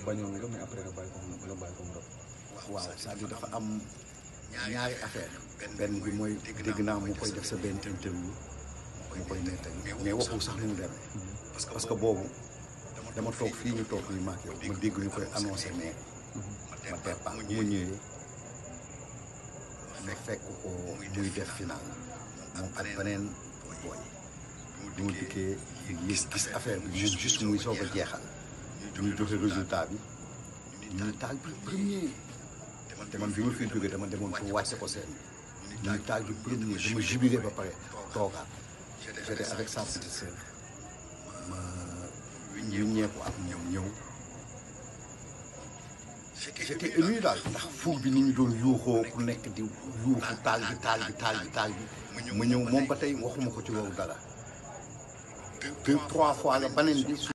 bañoon nga mais après nga bàyyi ko mu nga bàyyi waaw cest à dafa am ñaari affaire benn bi mooy dégg naa mu koy def sa benn interview mu koy nettali mais waxul sax ni mu demee. parce que boobu dama toog fii ñu toog nii maag ma dégg ñu koy annoncé mais ma départ bu ma ñëwee ma fekk ko muy def final moom ak beneen booy bi mu dikkee gis gis affaire bi moom juste muy soog a jeexal. ñu résultats résultat premier avec ému four bi nous, deux trois fois la